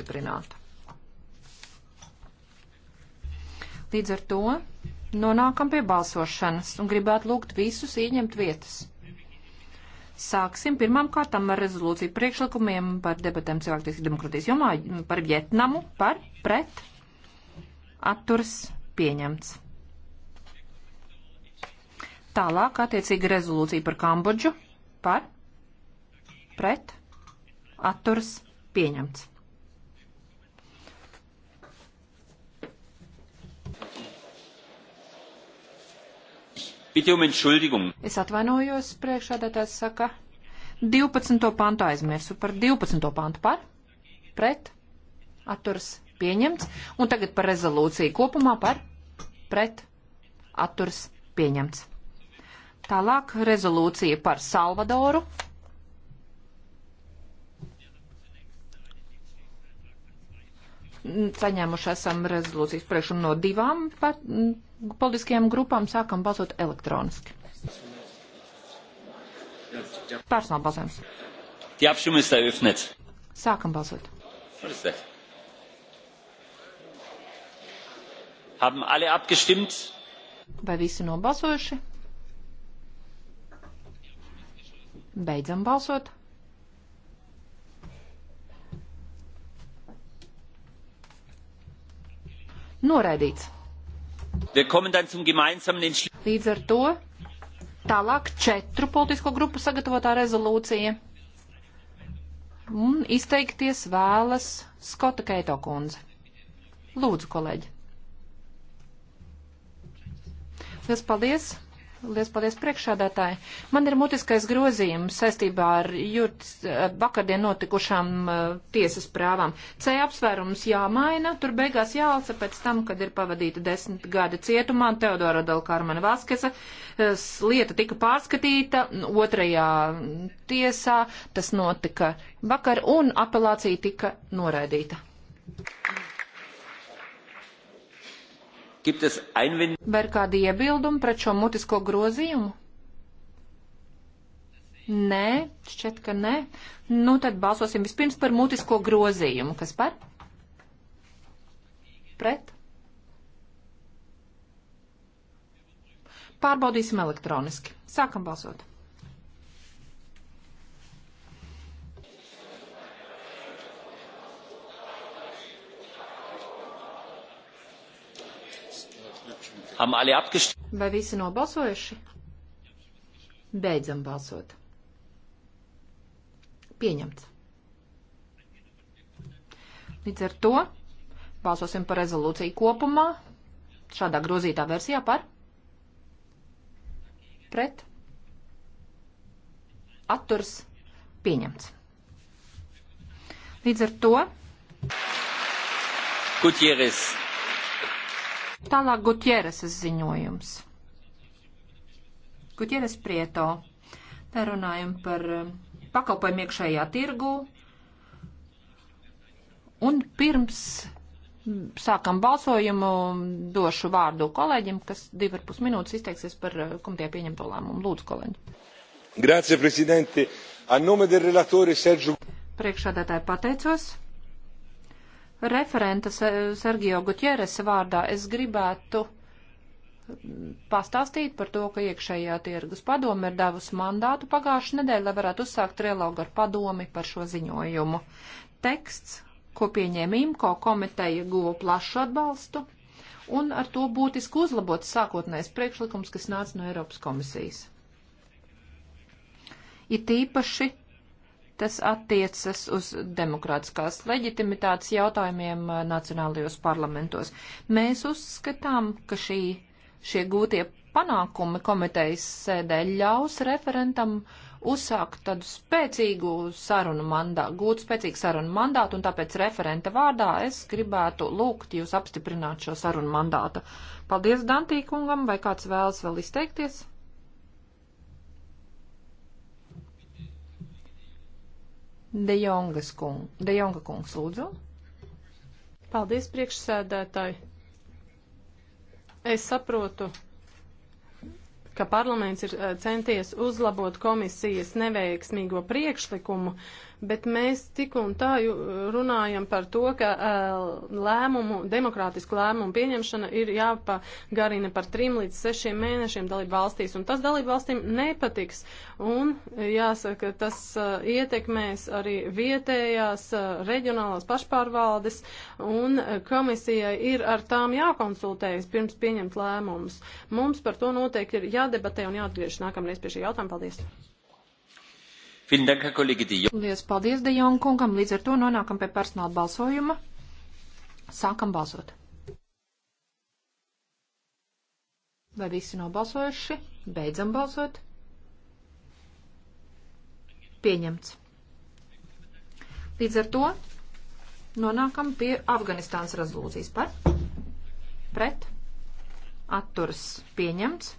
apstiprināta. Līdz ar to nonākam pie balsošanas un gribētu lūgt visus ieņemt vietas. Sāksim pirmām kārtām ar rezolūciju priekšlikumiem par debatēm cilvēktiesību demokratijas jomā par Vietnamu, par pret atturs pieņemts. Tālāk attiecīga rezolūcija par Kambodžu par pret atturs pieņemts. Bitte um Entschuldigung. Es atvainojos, priekšādātājs saka. 12. pantu aizmirsu par 12. pantu par, pret, atturas pieņemts. Un tagad par rezolūciju kopumā par, pret, atturas pieņemts. Tālāk rezolūcija par Salvadoru. Saņēmuši esam rezolūcijas priekšumu no divām par, politiskajām grupām sākam balsot elektroniski. Personāla balsojums. Die Abstimmung ist eröffnet. Sākam balsot. Haben alle abgestimmt? Vai visi nobalsojuši? Beidzam balsot. Noraidīts. Līdz ar to tālāk četru politisko grupu sagatavotā rezolūcija. Un izteikties vēlas Skota Keito kundze. Lūdzu, kolēģi. Liels paldies! Lies paldies priekšādātāji. Man ir mutiskais grozījums saistībā ar jūtas vakardien notikušām uh, tiesas prāvām. C apsvērums jāmaina, tur beigās jāalca pēc tam, kad ir pavadīta desmit gadi cietumā. Teodora Dalkarmana Vaskesa uh, lieta tika pārskatīta otrajā tiesā, tas notika vakar, un apelācija tika noraidīta. Thank you. Vai ir kādi iebildumi pret šo mutisko grozījumu? Nē, šķiet, ka nē. Nu, tad balsosim vispirms par mutisko grozījumu. Kas par? Pret? Pārbaudīsim elektroniski. Sākam balsot. Vai visi nobalsojuši? Beidzam balsot. Pieņemts. Līdz ar to balsosim par rezolūciju kopumā, šādā grozītā versijā par, pret, atturs, pieņemts. Līdz ar to. Gutieres Tālāk Gutjereses ziņojums. Gutjeres Prieto. Te runājam par eh, pakalpojumu iekšējā tirgu. Un pirms sākam balsojumu, došu vārdu kolēģim, kas divi ar pus minūtes izteiksies par eh, komitē pieņemto lēmumu. Lūdzu, kolēģi. Grazie, prezidenti. A nome del relatore Sergio. Priekšādātāji pateicos referenta Sergio Gutjeresa vārdā es gribētu pastāstīt par to, ka iekšējā tirgus padome ir devusi mandātu pagājušajā nedēļā, lai varētu uzsākt trilogu ar padomi par šo ziņojumu. Teksts, ko pieņēma IMCO komiteja, guva plašu atbalstu, un ar to būtiski uzlabot sākotnējais priekšlikums, kas nāca no Eiropas komisijas. It īpaši tas attiecas uz demokrātiskās leģitimitātes jautājumiem uh, nacionālajos parlamentos. Mēs uzskatām, ka šī, šie gūtie panākumi komitejas sēdē ļaus referentam uzsākt tādu spēcīgu sarunu mandātu, gūt spēcīgu sarunu mandātu, un tāpēc referenta vārdā es gribētu lūgt jūs apstiprināt šo sarunu mandātu. Paldies Dantīkungam, vai kāds vēlas vēl izteikties? De, kung, De Jonga kungs, lūdzu. Paldies, priekšsēdētāji. Es saprotu, ka parlaments ir eh, centies uzlabot komisijas neveiksmīgo priekšlikumu, uh, bet mēs tik un tā runājam par to, ka lēmumu, demokrātisku lēmumu pieņemšana ir jāpagarina par trim līdz sešiem mēnešiem dalību valstīs, un tas dalību valstīm nepatiks. Un jāsaka, tas ietekmēs arī vietējās reģionālās pašpārvaldes, un komisijai ir ar tām jākonsultējas pirms pieņemt lēmumus. Mums par to noteikti ir jādebatē un jāatgriež nākamreiz pie šī jautājuma. Paldies! Lielas paldies Dejong kungam, līdz ar to nonākam pie personāla balsojuma. Sākam balsot. Vai visi nobalsojuši? Beidzam balsot. Pieņemts. Līdz ar to nonākam pie Afganistānas rezolūcijas par pret atturas pieņemts.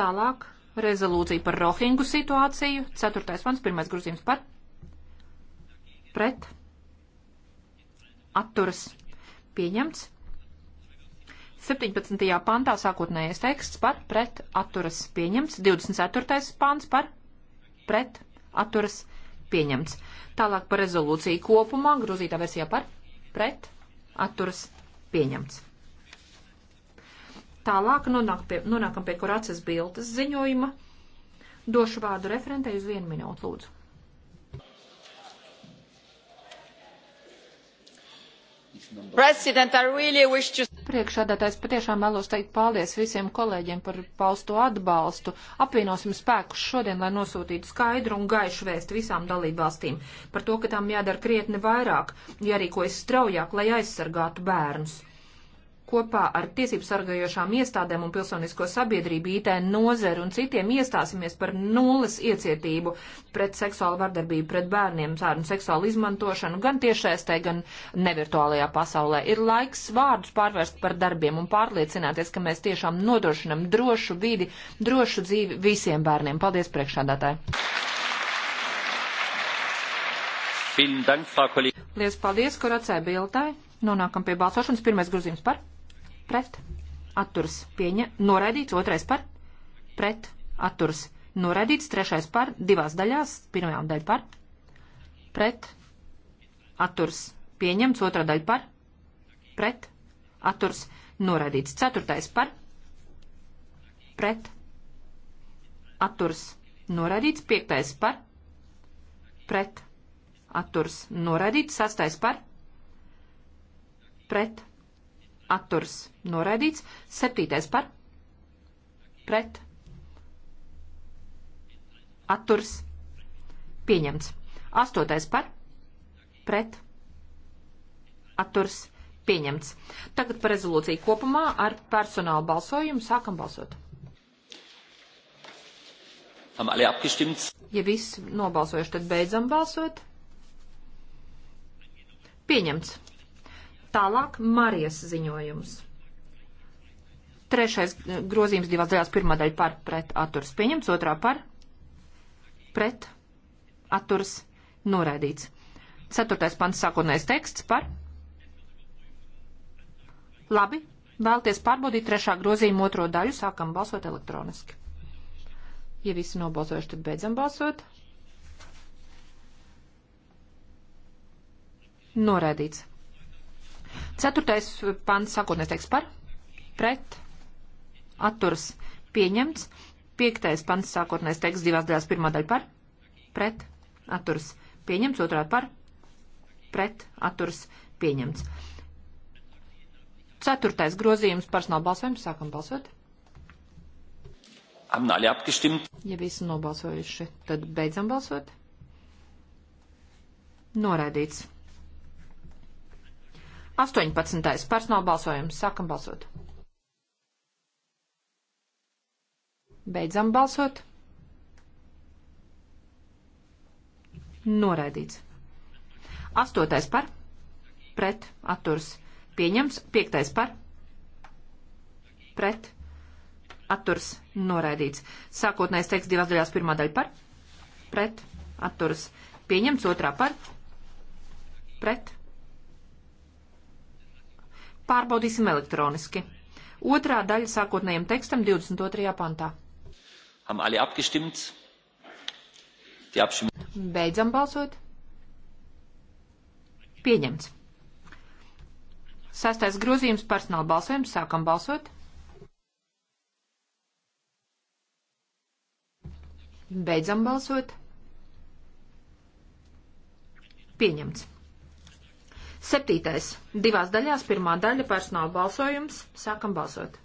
Tālāk rezolūcija par rohingu situāciju. Ceturtais pants, pirmais grozījums par. Pret. Atturas. Pieņemts. 17. pantā sākotnējais teksts par pret atturas pieņemts. 24. pants par pret atturas pieņemts. Tālāk par rezolūciju kopumā grozītā versijā par pret atturas pieņemts. Tālāk nonāk pie, nonākam pie kurācijas bildes ziņojuma. Došu vārdu referentei uz vienu minūtu, lūdzu. Really to... Priekšādātājs patiešām vēlos teikt paldies visiem kolēģiem par pausto atbalstu. Apvienosim spēkus šodien, lai nosūtītu skaidru un gaišu vēstu visām dalībvalstīm par to, ka tām jādara krietni vairāk, jārīkojas straujāk, lai aizsargātu bērnus kopā ar tiesību sargājošām iestādēm un pilsonisko sabiedrību, IT nozeru un citiem iestāsimies par nulles iecietību pret seksuālu vardarbību, pret bērniem, sārnu seksuālu izmantošanu gan tiešsaistē, gan nevirtuālajā pasaulē. Ir laiks vārdus pārvērst par darbiem un pārliecināties, ka mēs tiešām nodrošinam drošu vidi, drošu dzīvi visiem bērniem. Paldies priekšādātāji! Liels paldies, Koracē Biltai. Nonākam pie balsošanas. Pirmais grozījums par pret, atturas, pieņa, noraidīts, otrais par, pret, atturas, noraidīts, trešais par, divās daļās, pirmajā daļa par, pret, atturas, pieņemts, otrā daļa par, pret, atturas, noraidīts, ceturtais par, pret, atturas, noraidīts, piektais par, pret, atturas, noraidīts, sastais par, pret, atturs noraidīts, septītais par, pret, atturs pieņemts, astotais par, pret, atturs pieņemts. Tagad par rezolūciju kopumā ar personālu balsojumu sākam balsot. Ja viss nobalsojuši, tad beidzam balsot. Pieņemts. Tālāk Marijas ziņojums. Trešais grozījums divās daļās. Pirmā daļa par pret atturs pieņemts, otrā par pret atturs noraidīts. Ceturtais pants sākotnējais teksts par. Labi, vēlties pārbaudīt trešā grozījuma otro daļu, sākam balsot elektroniski. Ja visi nobalsojuši, tad beidzam balsot. Noraidīts. Ceturtais pants sākotnēs teiks par, pret, atturas pieņemts. Piektais pants sākotnēs teiks divās daļās pirmā daļa par, pret, atturas pieņemts. Otrā par, pret, atturas pieņemts. Ceturtais grozījums personāla balsojums. Sākam balsot. Haben alle abgestimmt? Ja visi nobalsojuši, tad beidzam balsot. Noraidīts. 18. personāla balsojums. Sākam balsot. Beidzam balsot. Noraidīts. Astotais par. Pret. Atturs. Pieņems. Piektais par. Pret. Atturs. Noraidīts. Sākotnējais teksts divās daļās. Pirmā daļa par. Pret. Atturs. Pieņems. Otrā par. Pret. Pārbaudīsim elektroniski. Otrā daļa sākotnējam tekstam 22. pantā. Beidzam balsot. Pieņemts. Sastais grozījums personāla balsojums. Sākam balsot. Beidzam balsot. Pieņemts. Septītais. Divās daļās. Pirmā daļa - personāla balsojums. Sākam balsot.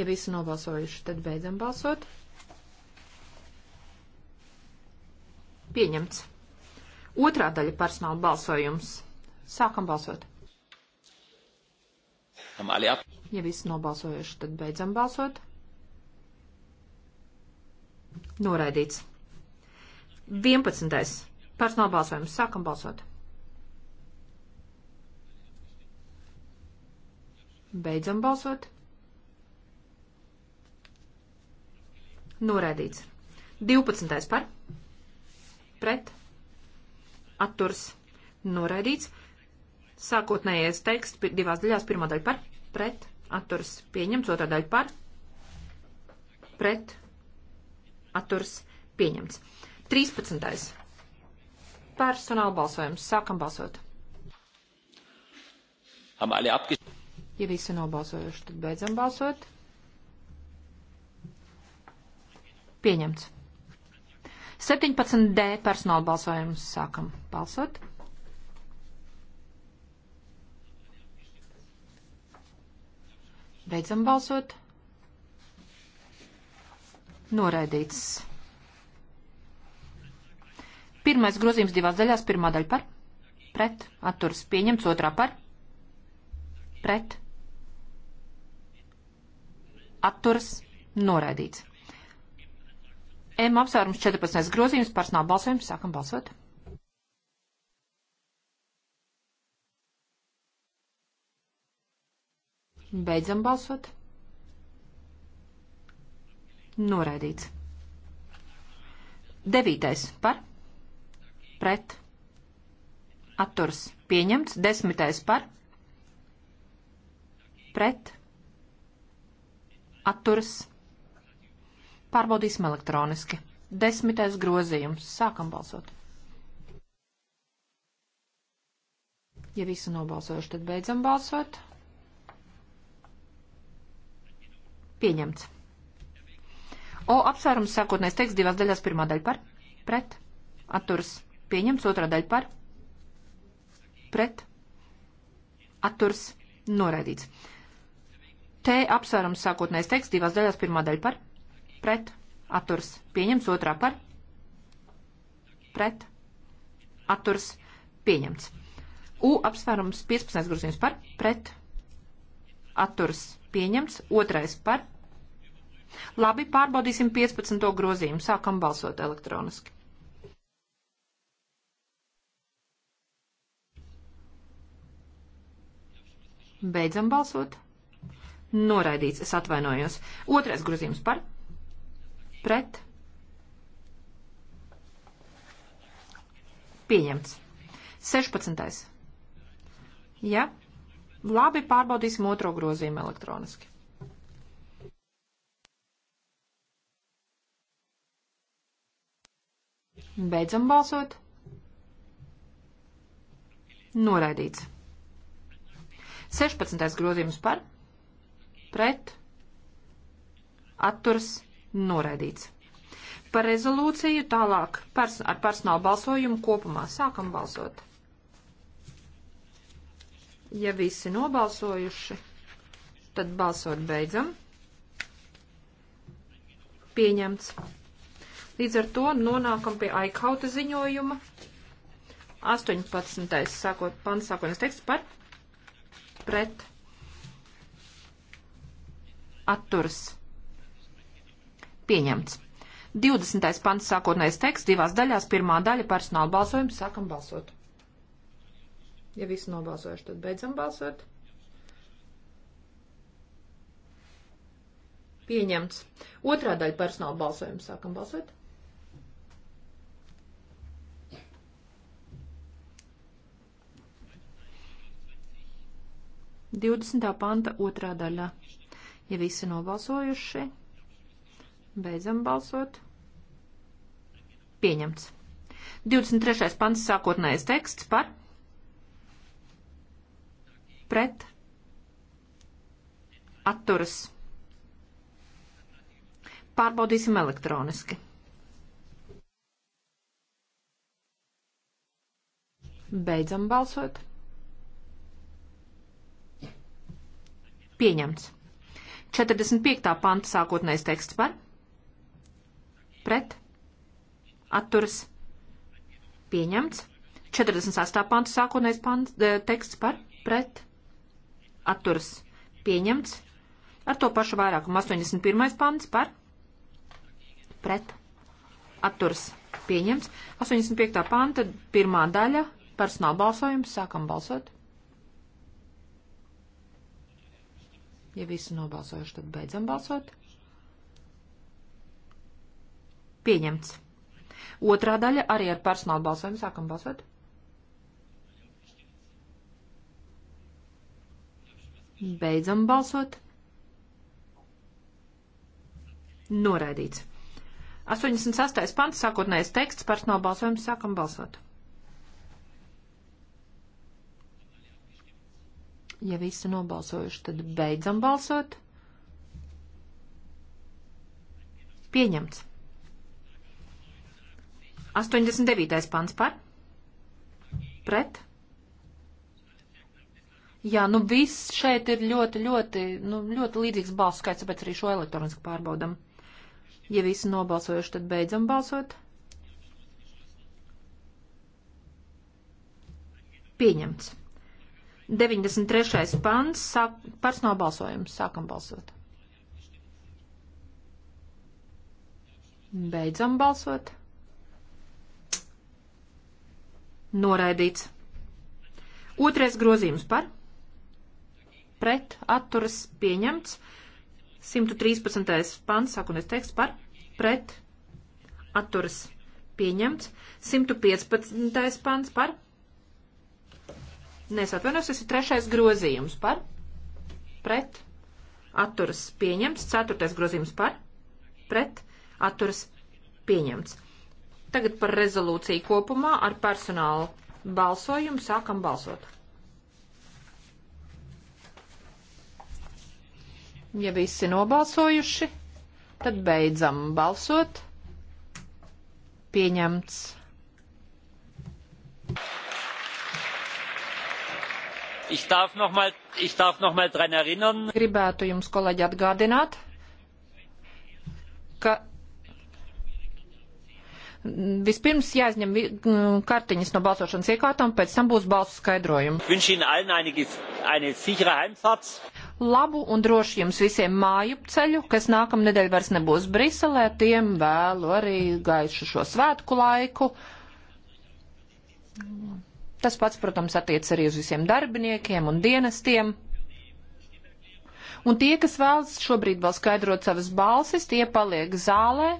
Ja visi nobalsojuši, tad beidzam balsot. Pieņemts. Otrā daļa - personāla balsojums. Sākam balsot. Ja visi nobalsojuši, tad beidzam balsot. Noraidīts. 11. Personāla balsojums. Sākam balsot. Beidzam balsot. Noraidīts. 12. par. Pret. Atturs. Noraidīts. Sākotnējais teksts divās daļās. Pirmā daļa par. Pret. Atturs. Pieņemts. Otrā daļa par. Pret atturs pieņemts. 13. Personāla balsojums. Sākam balsot. Ja visi nobalsojuši, tad beidzam balsot. Pieņemts. 17D personāla balsojums. Sākam balsot. Beidzam balsot. Noraidīts. Pirmais grozījums divās daļās. Pirmā daļa par. Pret. Atturas pieņemts. Otrā par. Pret. Atturas noraidīts. M apsvērums 14. grozījums. Personāla balsojums. Sākam balsot. Beidzam balsot. Noraidīts. Devītais par. Pret. Atturs pieņemts. Desmitais par. Pret. Atturs. Pārbaudīsim elektroniski. Desmitais grozījums. Sākam balsot. Ja visi nobalsojuši, tad beidzam balsot. Pieņemts. O apsvērums sākotnēs teksts divās daļās. Pirmā daļa par, pret, atturas pieņemts. Otrā daļa par, pret, atturas noraidīts. T apsvērums sākotnēs teksts divās daļās. Pirmā daļa par, pret, atturas pieņemts. Otrā par, pret, atturas pieņemts. U apsvērums 15. grozījums par, pret, atturas pieņemts. Otrais par, Labi, pārbaudīsim 15. grozījumu. Sākam balsot elektroniski. Beidzam balsot. Noraidīts, es atvainojos. Otrais grozījums par. Pret. Pieņemts. 16. Ja? Labi, pārbaudīsim otro grozījumu elektroniski. Beidzam balsot. Noraidīts. 16. grozījums par, pret, atturas, noraidīts. Par rezolūciju tālāk pers ar personālu balsojumu kopumā sākam balsot. Ja visi nobalsojuši, tad balsot beidzam. Pieņemts. Līdz ar to nonākam pie aikauta ziņojuma. 18. sākot, pants sākotnes teksts par pret atturas pieņemts. 20. pants sākotnējais teksts divās daļās. Pirmā daļa personāla balsojums. Sākam balsot. Ja visi nobalsojuši, tad beidzam balsot. Pieņemts. Otrā daļa personāla balsojums. Sākam balsot. 20. panta otrā daļā. Ja visi nobalsojuši, beidzam balsot. Pieņemts. 23. pants sākotnējais teksts par pret atturas. Pārbaudīsim elektroniski. Beidzam balsot. Pieņemts. 45. panta sākotnējais teksts par. Pret. Atturas. Pieņemts. 48. panta sākotnējais pants, e, teksts par. Pret. Atturas. Pieņemts. Ar to pašu vairākumu 81. pants par. Pret. Atturas. Pieņemts. 85. panta pirmā daļa. Personāla balsojums. Sākam balsot. Ja visi nobalsojuši, tad beidzam balsot. Pieņemts. Otrā daļa arī ar personālu balsojumu sākam balsot. Beidzam balsot. Noraidīts. 86. pants, sākotnējais teksts, personāla balsojums, sākam balsot. Ja visi nobalsojuši, tad beidzam balsot. Pieņemts. 89. pants par? Pret? Jā, nu viss šeit ir ļoti, ļoti, nu, ļoti līdzīgs balsu skaits, tāpēc arī šo elektroniski pārbaudam. Ja visi nobalsojuši, tad beidzam balsot. Pieņemts. 93. pants, sāk, personāla balsojums, sākam balsot. Beidzam balsot. Noraidīts. Otrais grozījums par. Pret atturas pieņemts. 113. pants, sākunies teiks par. Pret atturas pieņemts. 115. pants par. Nē, es atvainojos, tas ir trešais grozījums par, pret, atturas pieņemts, ceturtais grozījums par, pret, atturas pieņemts. Tagad par rezolūciju kopumā ar personālu balsojumu sākam balsot. Ja visi nobalsojuši, tad beidzam balsot. Pieņemts. Ich darf noch mal, ich darf noch mal dran erinnern. Gribētu jums, kolēģi, atgādināt, ka Vispirms jāizņem kartiņas no balsošanas iekārtām, pēc tam būs balsu skaidrojumi. Labu un drošu jums visiem māju ceļu, kas nākamnedēļ vairs nebūs Briselē, tiem vēlu arī gaišu šo svētku laiku. Tas pats, protams, attiec arī uz visiem darbiniekiem un dienestiem. Un tie, kas vēlas šobrīd vēl skaidrot savas balsis, tie paliek zālē.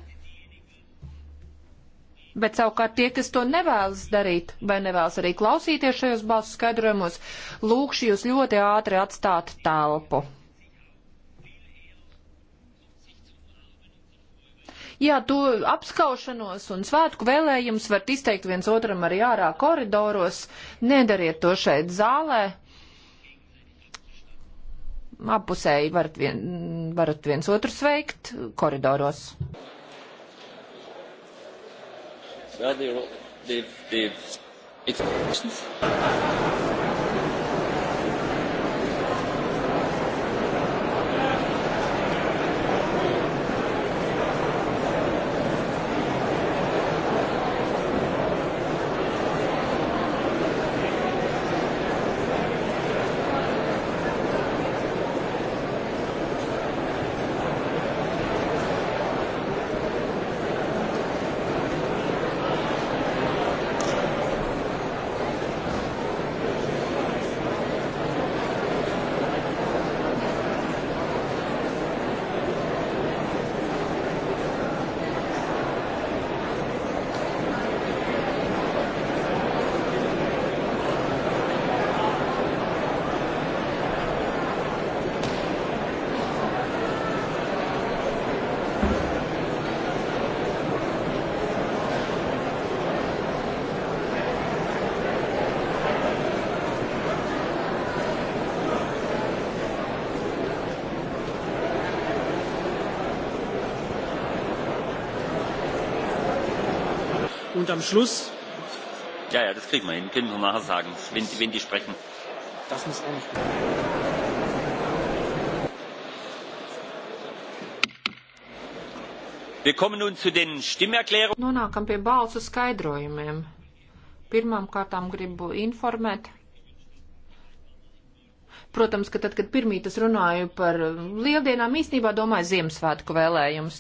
Bet savukārt tie, kas to nevēlas darīt vai nevēlas arī klausīties šajos balsu skaidrojumos, lūkšu jūs ļoti ātri atstāt telpu. Jā, to apskaušanos un svētku vēlējums varat izteikt viens otram arī ārā koridoros. Nedariet to šeit zālē. Apusēji varat, vien, varat viens otru sveikt koridoros. Well, they've, they've, it's... und am Schluss. Ja, ja, das kriegen wir hin. Können wir nachher sagen, wenn, wenn die sprechen. Das muss auch nicht bleiben. Nonākam pie balsu skaidrojumiem. Pirmām kārtām gribu informēt. Protams, ka tad, kad pirmīt es runāju par lieldienām, īstenībā domāju Ziemassvētku vēlējumus.